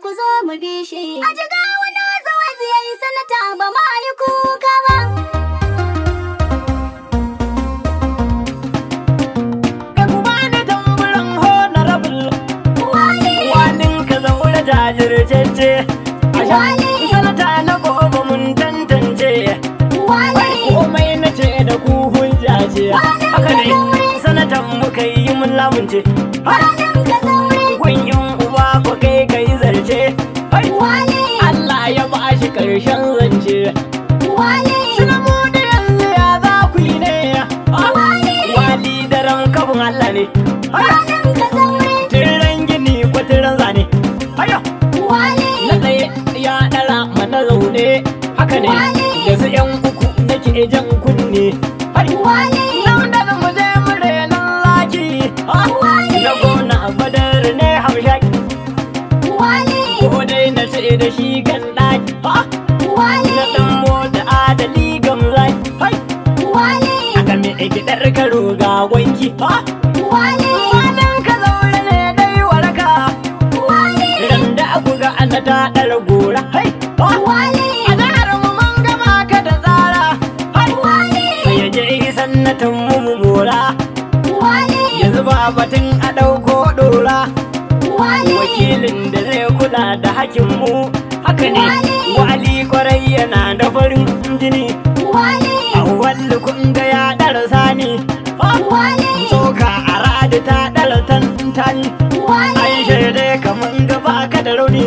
ku zo mu bi shi. A ga wani zawazi ya yi sanata ba ma yi kuka ba. sanata na gobe mun tantance, komai na ce da ku hujjace, haka ne sanatan muka yi mun lamunce. ƙarshen zance wali suna mu da yanzu ya za ku yi ne wali daren kafin Allah ne ranar ka zaure tiran gini ko tiran zane ayo wali na tsaye ya ɗara mana zaune haka ne da su yan uku nake jan kunne wali nan da mu je mu renan laki. wali na dan moda adali wale aka karo ga wale wannan ka ne waraka wale da aku ga an ta gora wale a mu ka da tsara wale sai je wale batun a dauko Wale! wakilin da zai kula da hakin mu haka ne tana da farin jini wanda kun ga ya ɗara sani soka a radi ta tani. tantani Ai shaidai kamar ga baka da rauni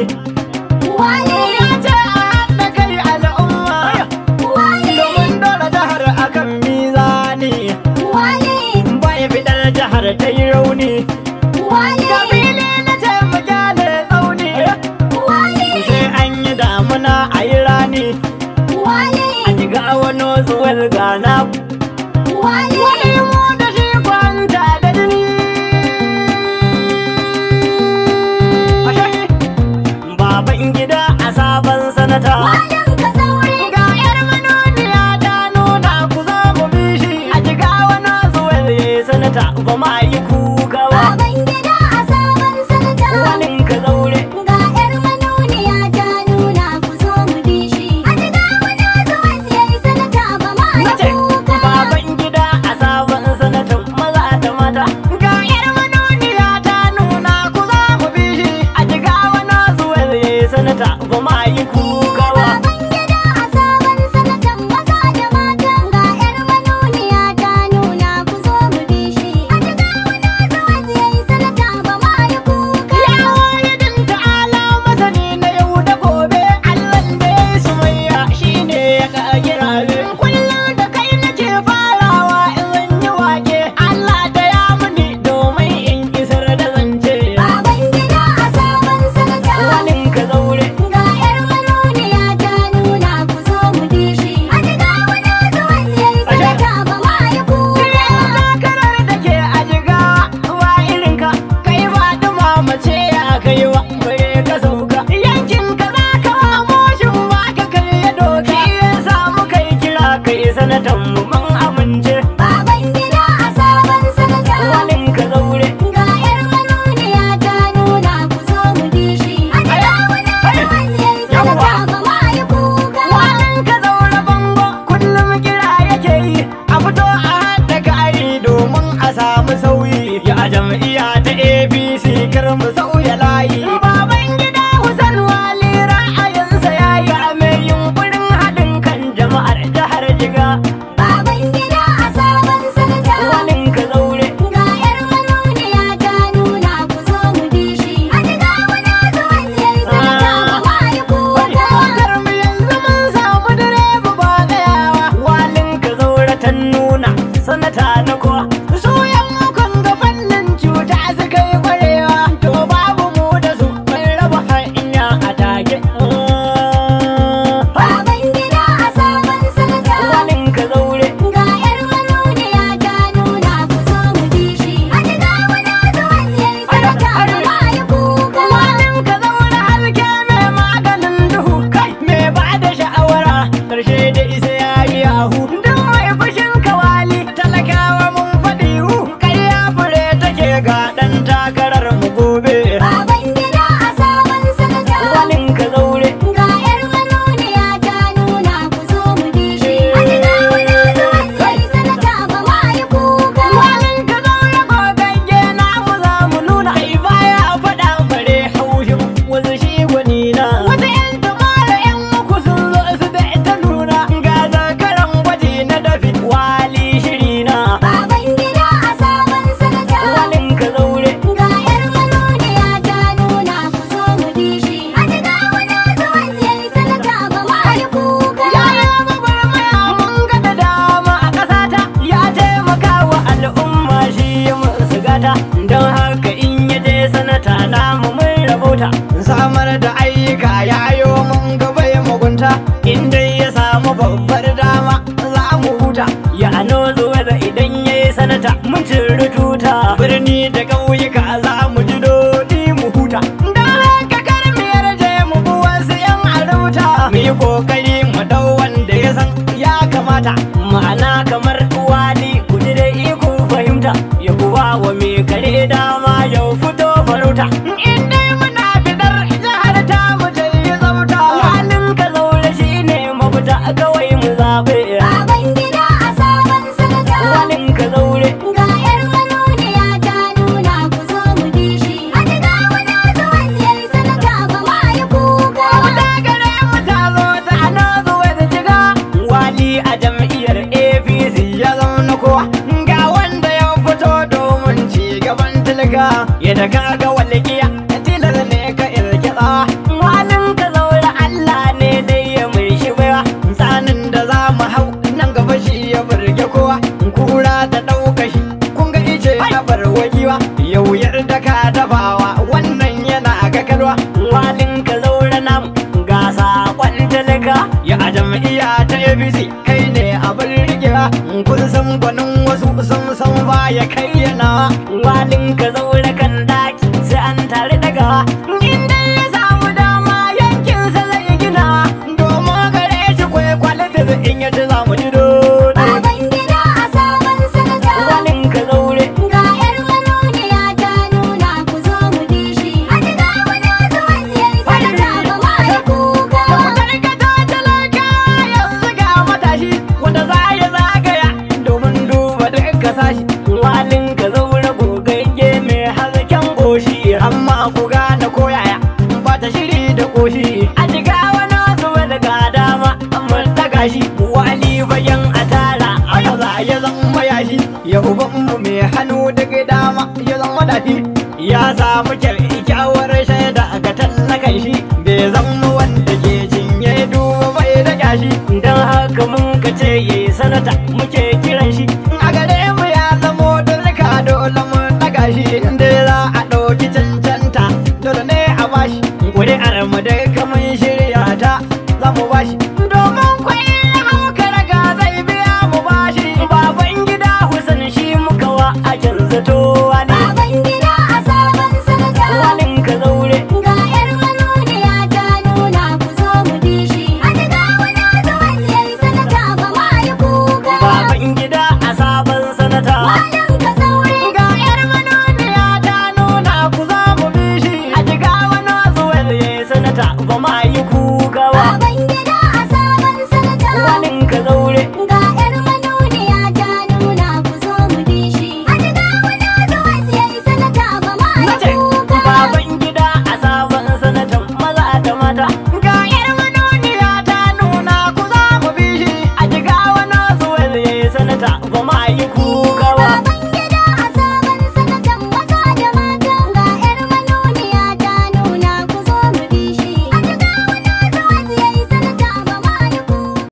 chegar samu babbar dama za mu huta ya ano zuwa idan yayi sanata mun ci tuta birni da ƙauyuka za mu ji doɗi mu huta don haka kar mu yarje mu bi wasu yan arauta mu yi kokari mu dau wanda ya san ya kamata ma'ana kamar ka ya daga ga walƙiya ya tilar ne ka irkiɗa malin ka zaura Allah ne dai ya mai shi baiwa tsanin da za mu hau nan gaba shi ya burge kowa kura da ɗauka shi kun ga ice a bar wajiwa yauyar da ka dafawa wannan yana ga kalwa malin ka zaura namu ga saƙon talaka ya a jam'iyya ta abc kai ne abin rikewa kun san gwanin wasu sun san baya kai ya mu mai hannu daga dama ya zama dafi ya samu kyau